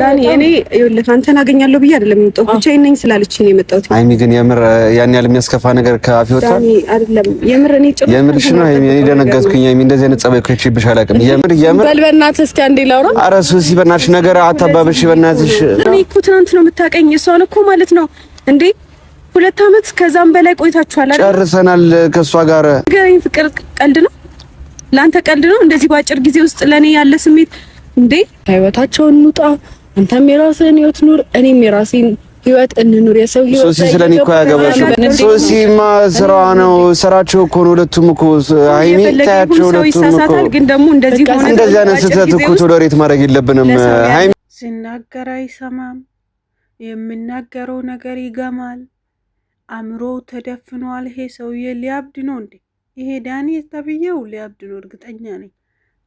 ዳኒ፣ እኔ ይኸውልህ አንተን አገኛለሁ ብዬ አይደለም የመጣሁት ብቻዬን ነኝ ስላለችኝ ነው የመጣሁት። ግን የምር ያን ያህል የሚያስከፋ ነገር አይደለም? የምር እኔ የምርሽ ነው እኔ ደነገጥኩኝ እንደዚህ አይነት ጸባይ እኮ ይችብሽ አላውቅም። የምር የምር በል በእናትህ እስኪ አንዴ ላውራ። ኧረ ሱሲ በእናትሽ ነገር አታባብሽ በእናትሽ። እኔ እኮ ትናንት ነው የምታውቀኝ እሷን እኮ ማለት ነው እንዴ ሁለት አመት ከዛም በላይ ቆይታችኋል ጨርሰናል ከእሷ ጋር ፍቅር ቀልድ ነው ለአንተ ቀልድ ነው እንደዚህ በአጭር ጊዜ ውስጥ ለእኔ ያለ ስሜት እንዴ? ከህይወታቸውን እንውጣ። አንተም የራስህን ህይወት ኑር፣ እኔም የራሴን ህይወት እንኑር። የሰው ህይወት ሶሲ ስለኔ እኮ ያገባሽ ሶሲማ ስራ ነው ስራቸው እኮ ነው። ሁለቱም እኮ አይኔ ታያቸው። ሁለቱም እኮ ግን ደግሞ እንደዚህ ሆነ እንደዚህ አይነት ስህተት እኮ ቶሎሬት ማድረግ የለብንም። አይ ሲናገር አይሰማም፣ የምናገረው ነገር ይገማል። አእምሮ ተደፍኗል። ይሄ ሰውዬ ሊያብድ ነው እንዴ? ይሄ ዳኒ ተብዬው ሊያብድ ነው፣ እርግጠኛ ነኝ።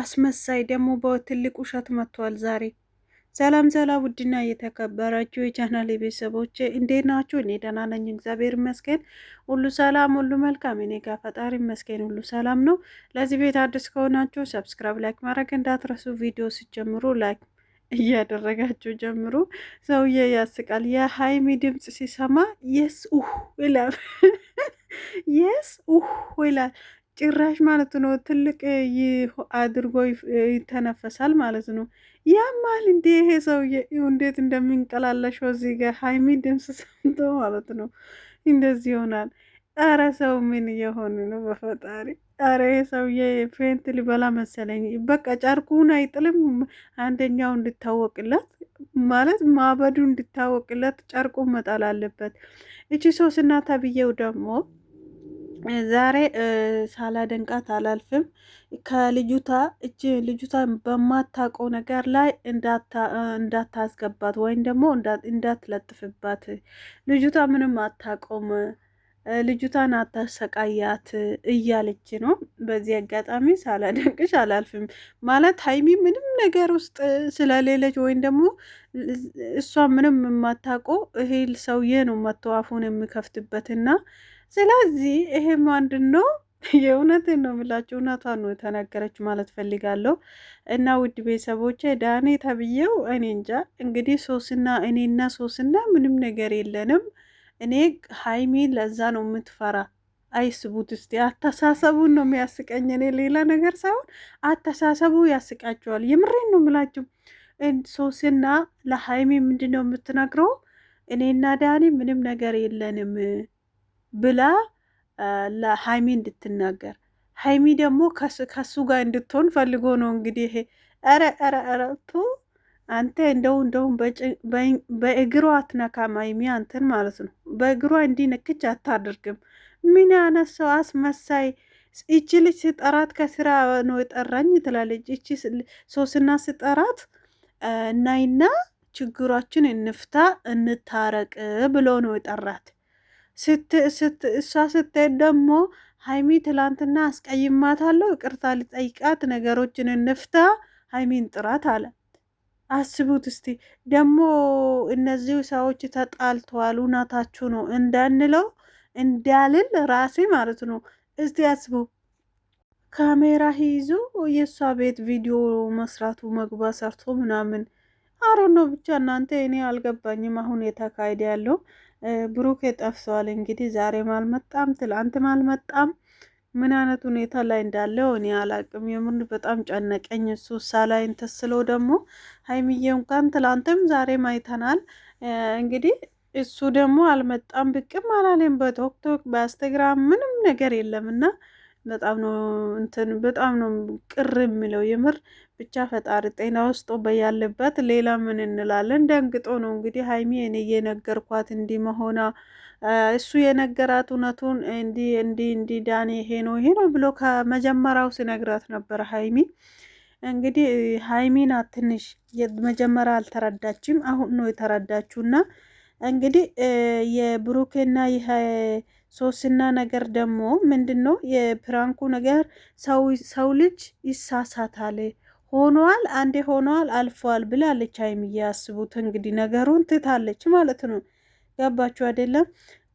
አስመሳይ ደግሞ በትልቅ ውሸት መጥቷል ዛሬ። ሰላም ሰላም! ውድና እየተከበራችሁ የቻናል ቤተሰቦች እንዴት ናችሁ? እኔ ደህና ነኝ፣ እግዚአብሔር ይመስገን። ሁሉ ሰላም፣ ሁሉ መልካም። እኔ ጋር ፈጣሪ ይመስገን ሁሉ ሰላም ነው። ለዚህ ቤት አዲስ ከሆናችሁ ሰብስክራይብ፣ ላይክ ማድረግ እንዳትረሱ። ቪዲዮ ሲጀምሩ ላይክ እያደረጋችሁ ጀምሩ። ሰውዬ ያስቃል። የሀይሚ ድምፅ ሲሰማ የስ ይላል የስ ይላል ጭራሽ ማለት ነው። ትልቅ አድርጎ ይተነፈሳል ማለት ነው። ያማል እንዴ ይሄ ሰውዬ እንዴት እንደሚንቀላለሸው እዚህ ጋር ሀይሚ ድምፅ ሰምቶ ማለት ነው እንደዚህ ይሆናል። አረ ሰው ምን እየሆን ነው? በፈጣሪ አረ ሰውዬ ፌንት ሊበላ መሰለኝ። በቃ ጨርቁን አይጥልም። አንደኛው እንድታወቅለት ማለት ማበዱ እንድታወቅለት ጨርቁን መጣል አለበት። እቺ ሶስና ተብዬው ደግሞ ዛሬ ሳላደንቃት አላልፍም። ከልጁታ እች ልጁታ በማታውቀው ነገር ላይ እንዳታስገባት ወይም ደግሞ እንዳትለጥፍባት። ልጁታ ምንም አታውቀውም፣ ልጁታን አታሰቃያት እያለች ነው። በዚህ አጋጣሚ ሳላደንቅሽ አላልፍም ማለት ሀይሚ ምንም ነገር ውስጥ ስለሌለች ወይም ደግሞ እሷ ምንም የማታውቀው ይሄ ሰውዬ ነው መተዋፉን የሚከፍትበትና ስለዚህ ይሄ አንድን ነው የእውነትን ነው የምላችሁ። እውነቷን ነው የተናገረች ማለት ፈልጋለሁ። እና ውድ ቤተሰቦቼ ዳኔ ተብዬው እኔ እንጃ እንግዲህ ሶስና እኔና ሶስና ምንም ነገር የለንም። እኔ ሀይሚ ለዛ ነው የምትፈራ። አይስቡት እስቲ አተሳሰቡን ነው የሚያስቀኝ። እኔ ሌላ ነገር ሳይሆን አተሳሰቡ ያስቃቸዋል። የምሬን ነው የምላችሁ። ሶስና ለሀይሚ ምንድን ነው የምትነግረው? እኔና ዳኔ ምንም ነገር የለንም ብላ ለሀይሚ እንድትናገር ሀይሚ ደግሞ ከሱ ጋር እንድትሆን ፈልጎ ነው እንግዲህ ይሄ ኧረ ኧረ ቱ አንተ እንደው እንደውም በእግሯ አትነካም ሀይሚ አንተን ማለት ነው። በእግሯ እንዲነክች ንክች አታደርግም። ምን ሰው አስመሳይ እቺ ልጅ ስጠራት ከስራ ነው የጠራኝ ትላለች። እቺ ሶስና ስጠራት እናይና ችግሯችን እንፍታ እንታረቅ ብሎ ነው የጠራት። እሷ ስትሄድ ደግሞ ሀይሚ ትላንትና አስቀይማታለሁ፣ ይቅርታ ልጠይቃት፣ ነገሮችን እንፍታ፣ ሀይሚን ጥራት አለ። አስቡት እስቲ ደግሞ እነዚህ ሰዎች ተጣልተዋል፣ እውነታችሁ ነው እንዳንለው እንዳልል ራሴ ማለት ነው። እስቲ አስቡ ካሜራ ይዞ የእሷ ቤት ቪዲዮ መስራቱ መግባ ሰርቶ ምናምን አሮ ነው ብቻ እናንተ እኔ አልገባኝም አሁን የተካሄደ ያለው ብሩኬ ጠፍቷል። እንግዲህ ዛሬም አልመጣም፣ ትላንትም አልመጣም። ምን አይነት ሁኔታ ላይ እንዳለው እኔ አላቅም። የምን በጣም ጨነቀኝ። እሱ ሳላይ እንትን ስለው ደግሞ ሀይሚዬ እንኳን ትላንትም ዛሬም አይተናል። እንግዲህ እሱ ደግሞ አልመጣም፣ ብቅም አላለም። በቶክቶክ በኢንስታግራም ምንም ነገር የለምና በጣም ነው እንትን በጣም ነው ቅር የሚለው የምር ብቻ ፈጣሪ ጤና ውስጥ በያለበት ሌላ ምን እንላለን? ደንግጦ ነው እንግዲህ ሀይሚ እኔ የነገርኳት እንዲመሆና መሆና እሱ የነገራት እውነቱን እንዲ እንዲ እንዲ ዳኔ ይሄ ነው ይሄ ነው ብሎ ከመጀመሪያው ሲነግራት ነበር ሀይሚ እንግዲህ ሀይሚ ናት ትንሽ መጀመሪያ አልተረዳችም። አሁን ነው የተረዳችሁና እንግዲህ የብሩኬና ሶስና ነገር ደግሞ ምንድን ነው የፕራንኩ ነገር ሰው ልጅ ይሳሳታል። ሆኗል፣ አንዴ ሆኗል፣ አልፏል ብላለች ሀይሚዬ። አስቡት እንግዲህ ነገሩን ትታለች ማለት ነው። ገባችሁ አይደለም?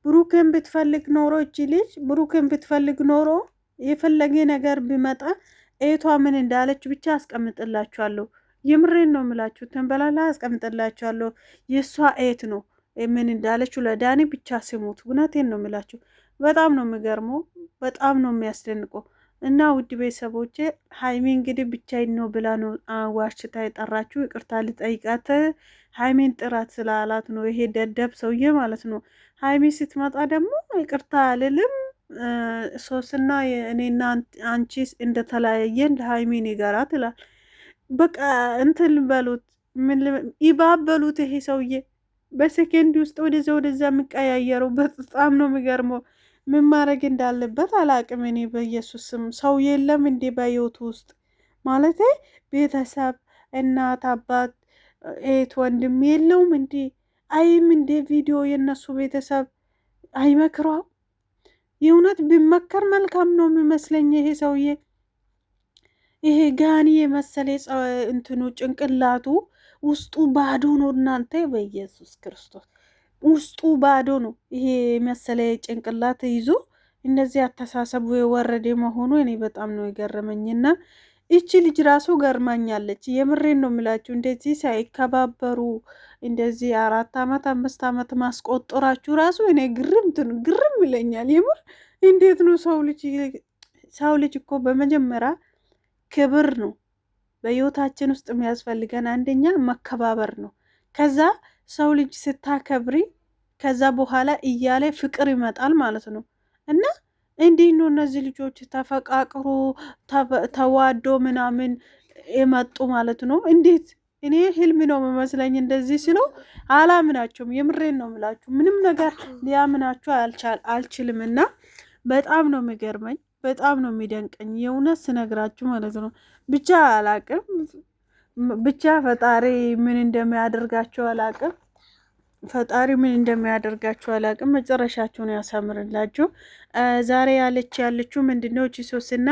ብሩክን ብትፈልግ ኖሮ እቺ ልጅ ብሩክን ብትፈልግ ኖሮ የፈለገ ነገር ቢመጣ ኤቷ ምን እንዳለች ብቻ አስቀምጥላችኋለሁ። የምሬን ነው ምላችሁ። ትንበላላ አስቀምጥላችኋለሁ። የእሷ ኤት ነው ምን እንዳለችው ለዳኒ ብቻ ስሙት። እውነቴን ነው የምላችሁ። በጣም ነው የሚገርመው፣ በጣም ነው የሚያስደንቀው። እና ውድ ቤተሰቦቼ ሀይሚ እንግዲህ ብቻዬን ነው ብላ ነው ዋሽታ የጠራችሁ። ይቅርታ ልጠይቃት ሀይሚን ጥራት ስላላት ነው ይሄ ደደብ ሰውዬ ማለት ነው። ሀይሚ ስትመጣ ደግሞ ይቅርታ አልልም ሶስና እኔና አንቺ እንደተለያየን ለሀይሚን ይገራት ይላል። በቃ እንትን በሉት ምን ይባበሉት ይሄ ሰውዬ በሴኬንድ ውስጥ ወደዛ ወደዛ የምቀያየረው በጣም ነው የሚገርመው። ምን ማድረግ እንዳለበት አላቅም እኔ በኢየሱስም ስም። ሰው የለም እንዴ በህይወቱ ውስጥ ማለት ቤተሰብ፣ እናት፣ አባት፣ እህት፣ ወንድም የለውም እንዴ? አይም እንዴ ቪዲዮ የነሱ ቤተሰብ አይመክሯ? የእውነት ቢመከር መልካም ነው የሚመስለኝ ይሄ ሰውዬ ይሄ ጋኒ የመሰለ እንትኑ ጭንቅላቱ ውስጡ ባዶ ነው። እናንተ በኢየሱስ ክርስቶስ ውስጡ ባዶ ነው። ይሄ መሰለ ጭንቅላት ይዞ እንደዚህ አተሳሰቡ የወረደ መሆኑ እኔ በጣም ነው የገረመኝና እቺ ልጅ ራሱ ገርማኛለች። የምሬን ነው የምላችሁ። እንደዚህ ሳይከባበሩ እንደዚህ አራት አመት አምስት አመት ማስቆጠራችሁ ራሱ እኔ ግርምትን ግርም ይለኛል። የምር እንዴት ነው ሰው ልጅ ሰው ልጅ እኮ በመጀመሪያ ክብር ነው በህይወታችን ውስጥ የሚያስፈልገን አንደኛ መከባበር ነው። ከዛ ሰው ልጅ ስታከብሪ ከዛ በኋላ እያለ ፍቅር ይመጣል ማለት ነው እና እንዲህ ነው እነዚህ ልጆች ተፈቃቅሮ ተዋዶ ምናምን የመጡ ማለት ነው። እንዴት እኔ ህልም ነው የሚመስለኝ እንደዚህ ሲሉ አላምናቸውም። የምሬን ነው የምላችሁ ምንም ነገር ሊያምናቸው አልችልም እና በጣም ነው የሚገርመኝ። በጣም ነው የሚደንቀኝ የእውነት ስነግራችሁ ማለት ነው። ብቻ አላቅም፣ ብቻ ፈጣሪ ምን እንደሚያደርጋቸው አላቅም። ፈጣሪ ምን እንደሚያደርጋችሁ አላቅም። መጨረሻችሁን ያሳምርላችሁ። ዛሬ ያለች ያለችው ምንድነው? እቺ ሶስና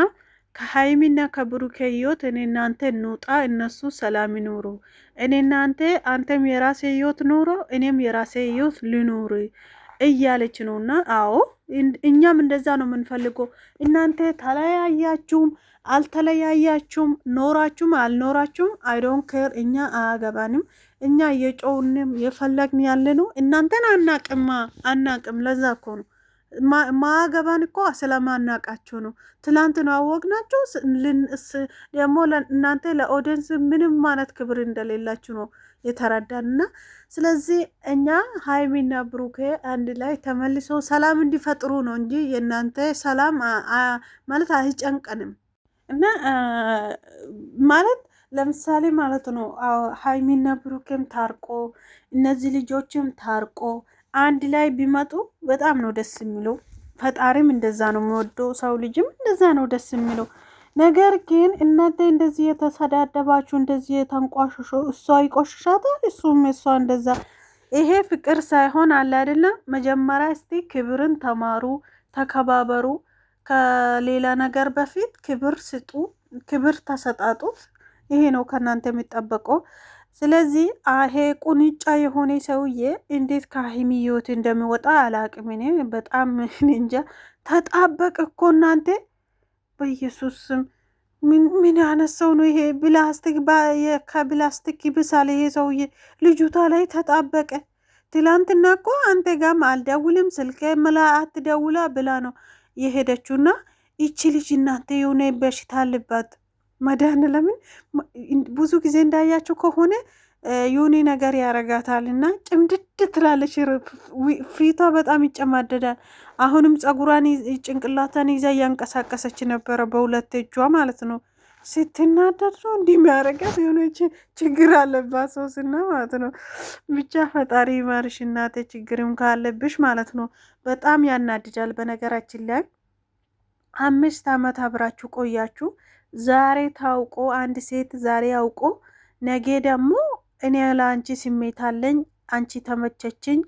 ከሀይሚና ከብሩኬ ህይወት እኔ እናንተ እንውጣ፣ እነሱ ሰላም ይኑሩ። እኔ እናንተ አንተም የራሴ ህይወት ኑሮ እኔም የራሴ ህይወት ልኑር እያለች ነውና አዎ እኛም እንደዛ ነው የምንፈልገው። እናንተ ተለያያችሁም አልተለያያችሁም ኖራችሁም አልኖራችሁም አይዶን ኬር እኛ አያገባንም። እኛ የጮውንም የፈለግን ያለ ነው። እናንተን አናቅማ አናቅም። ለዛ እኮ ነው ማገባን እኮ ስለማናቃቸው ነው። ትላንት ነው አወቅናቸው። ደግሞ እናንተ ለኦዲየንስ ምንም ማለት ክብር እንደሌላችሁ ነው የተረዳን እና ስለዚህ እኛ ሀይሚና ብሩኬ አንድ ላይ ተመልሰው ሰላም እንዲፈጥሩ ነው እንጂ የእናንተ ሰላም ማለት አይጨንቀንም እና ማለት ለምሳሌ ማለት ነው ሀይሚና ብሩኬም ታርቆ እነዚህ ልጆችም ታርቆ አንድ ላይ ቢመጡ በጣም ነው ደስ የሚለው። ፈጣሪም እንደዛ ነው የሚወደው፣ ሰው ልጅም እንደዛ ነው ደስ የሚለው። ነገር ግን እናንተ እንደዚህ የተሰዳደባችሁ እንደዚህ የተንቋሽሾ እሷ ይቆሽሻታል፣ እሱም እሷ እንደዛ። ይሄ ፍቅር ሳይሆን አለ አይደለም። መጀመሪያ እስቲ ክብርን ተማሩ፣ ተከባበሩ። ከሌላ ነገር በፊት ክብር ስጡ፣ ክብር ተሰጣጡት። ይሄ ነው ከእናንተ የሚጠበቀው። ስለዚህ አሄ ቁንጫ የሆነ ሰውዬ እንዴት ከሀይሚ ህይወት እንደሚወጣ አላቅም። እኔ በጣም እንጃ። ተጣበቅ እኮ እናንተ በኢየሱስም ምን ያነት ሰው ነው ይሄ? ብላስቲክ ከብላስቲክ ይብሳል ይሄ ሰውዬ። ልጁታ ላይ ተጣበቀ። ትላንትና እኮ አንተ ጋም አልደውልም ስልክ ምላ አትደውላ ብላ ነው የሄደችውና ይቺ ልጅ እናንተ የሆነ በሽታ አለባት። ለምን ብዙ ጊዜ እንዳያቸው ከሆነ የሆነ ነገር ያረጋታል እና ጭምድድ ትላለች። ፊቷ በጣም ይጨማደዳል። አሁንም ጸጉሯን ጭንቅላቷን ይዛ እያንቀሳቀሰች ነበረ በሁለት እጇ ማለት ነው። ስትናደድ ነው እንዲህ የሚያረጋት የሆነ ችግር አለባት ሶስና ማለት ነው። ብቻ ፈጣሪ ማርሽ እናቴ፣ ችግርም ካለብሽ ማለት ነው። በጣም ያናድዳል። በነገራችን ላይ አምስት አመት አብራችሁ ቆያችሁ ዛሬ ታውቆ አንድ ሴት ዛሬ አውቆ ነገ ደግሞ እኔ ለአንቺ ስሜት አለኝ፣ አንቺ ተመቸችኝ፣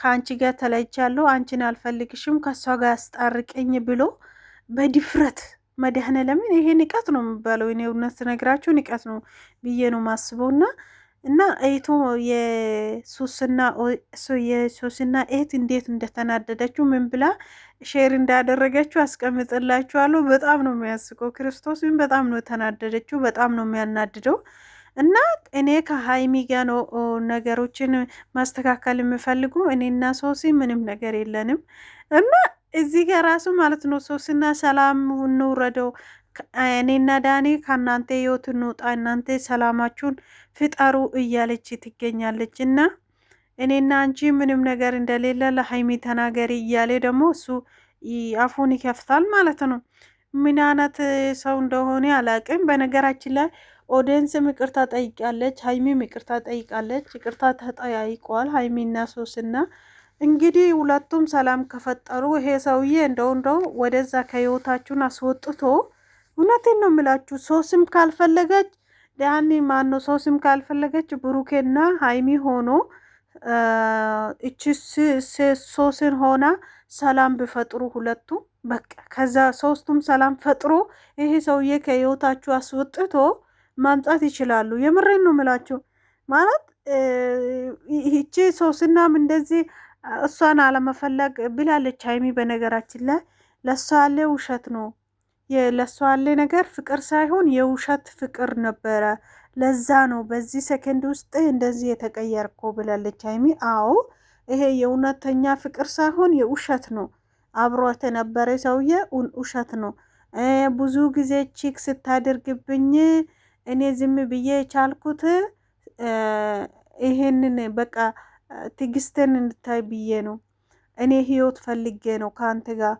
ከአንቺ ጋር ተለይቻለሁ፣ አንቺን አልፈልግሽም፣ ከእሷ ጋር አስጣርቀኝ ብሎ በድፍረት መድህነ ለምን ይሄ ንቀት ነው የሚባለው? እኔ እውነት ነግራችሁ ንቀት ነው ብዬ ነው ማስበውና እና እህቱ የሶስና እህት እንዴት እንደተናደደችው ምን ብላ ሼር እንዳደረገችው አስቀምጥላችኋለሁ። በጣም ነው የሚያስቀው። ክርስቶስን በጣም ነው የተናደደችው። በጣም ነው የሚያናድደው። እና እኔ ከሀይሚ ጋ ነው ነገሮችን ማስተካከል የምፈልጉ። እኔና ሶሲ ምንም ነገር የለንም እና እዚህ ጋር ራሱ ማለት ነው ሶስና ሰላም እንውረደው እኔና ዳኒ ከእናንተ ህይወት እንውጣ፣ እናንተ ሰላማችሁን ፍጠሩ እያለች ትገኛለች። እና እኔና አንቺ ምንም ነገር እንደሌለ ለሀይሚ ተናገሪ እያለ ደግሞ እሱ አፉን ይከፍታል ማለት ነው። ምን አይነት ሰው እንደሆነ አላቅም። በነገራችን ላይ ኦዲየንስም ይቅርታ ጠይቃለች፣ ሀይሚም ይቅርታ ጠይቃለች። ይቅርታ ተጠያይቋል ሀይሚና ሶስና እንግዲህ ሁለቱም ሰላም ከፈጠሩ ይሄ ሰውዬ እንደው እንደው ወደዛ ከህይወታችሁን አስወጥቶ እውነቴን ነው የምላችሁ። ሶስም ስም ካልፈለገች ያኔ ማን ነው? ስም ካልፈለገች ብሩኬና ሀይሚ ሆኖ እቺ ሶስን ሆና ሰላም ብፈጥሩ ሁለቱ በቃ ከዛ ሶስቱም ሰላም ፈጥሮ ይሄ ሰውዬ ከህይወታችሁ አስወጥቶ ማምጣት ይችላሉ። የምሬን ነው ምላችሁ። ማለት ይቺ ሶስናም እንደዚህ እሷን አለመፈለግ ብላለች ሀይሚ። በነገራችን ላይ ለሷ ያለ ውሸት ነው ለሷ ያለ ነገር ፍቅር ሳይሆን የውሸት ፍቅር ነበረ። ለዛ ነው በዚህ ሰከንድ ውስጥ እንደዚህ የተቀየርኮ ብላለች ሀይሚ። አዎ ይሄ የእውነተኛ ፍቅር ሳይሆን የውሸት ነው። አብሮ የነበረ ሰውዬ ውሸት ነው። ብዙ ጊዜ ቺክ ስታደርግብኝ እኔ ዝም ብዬ የቻልኩት ይሄንን በቃ ትግስትን እንድታይ ብዬ ነው። እኔ ህይወት ፈልጌ ነው ከአንተ ጋር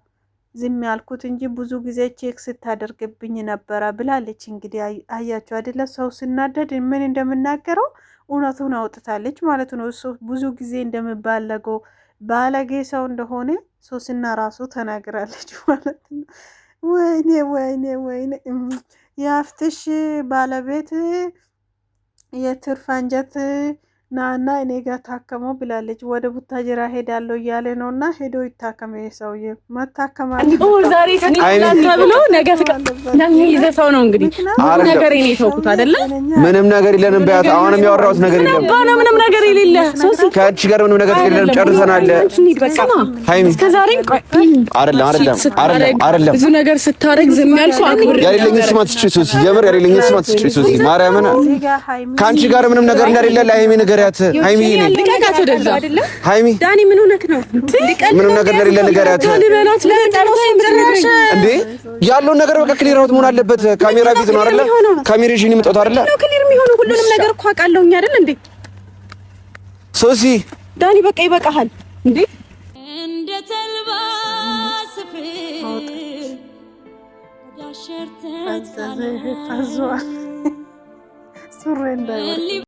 ዝም ያልኩት እንጂ ብዙ ጊዜ ቼክ ስታደርግብኝ ነበረ ብላለች። እንግዲህ አያችሁ አይደለ ሰው ስናደድ ምን እንደምናገረው እውነቱን አውጥታለች ማለት ነው። እሱ ብዙ ጊዜ እንደምባለገው ባለጌ ሰው እንደሆነ ሶስና ራሱ ተናግራለች ማለት ነው። ወይኔ ወይኔ ወይኔ የአፍትሽ ባለቤት የትርፍ አንጀት ናና እኔ ጋር ታከመው ብላለች። ወደ ቡታጅራ ሄዳለሁ እያለ ነው እና ሄዶ ይታከመ ሰውዬ መታከማ ነገ ሰው ነው እንግዲህ ነገር ተውኩት አደለ ምንም ነገር የለንም በያት። አሁንም ያወራሁት ነገር የለም ምንም ነገር የሌለ ጋር ምንም ነገር የለም። ጨርሰናል። እስከ ብዙ ነገር ስታደርግ ዝም ያልኩ አክብር ያሌለኝ ስማት ትችይ ሶሲ የምር ያሌለኝ ማርያምን ከአንቺ ጋር ምንም ነገር እንዳሌለ ለሀይሜ ነገር ንገሪያት ሃይሚ ሃይሚ ዳኒ ምን ሆነክ ነው? ምንም ነገር ለሌለ ንገሪያት እንዴ ያለውን ነገር በቃ ክሊር አውት መሆን አለበት። ካሜራ ቢዝ ነው አይደለ? ካሜራ ይሽን ይመጣው አይደለ? ክሊር የሚሆነው ሁሉንም ነገር እኮ አውቃለሁኝ አይደል እንዴ ሶሲ ዳኒ በቃ ይበቃሃል እንዴ እንደ ተልባ ስፍር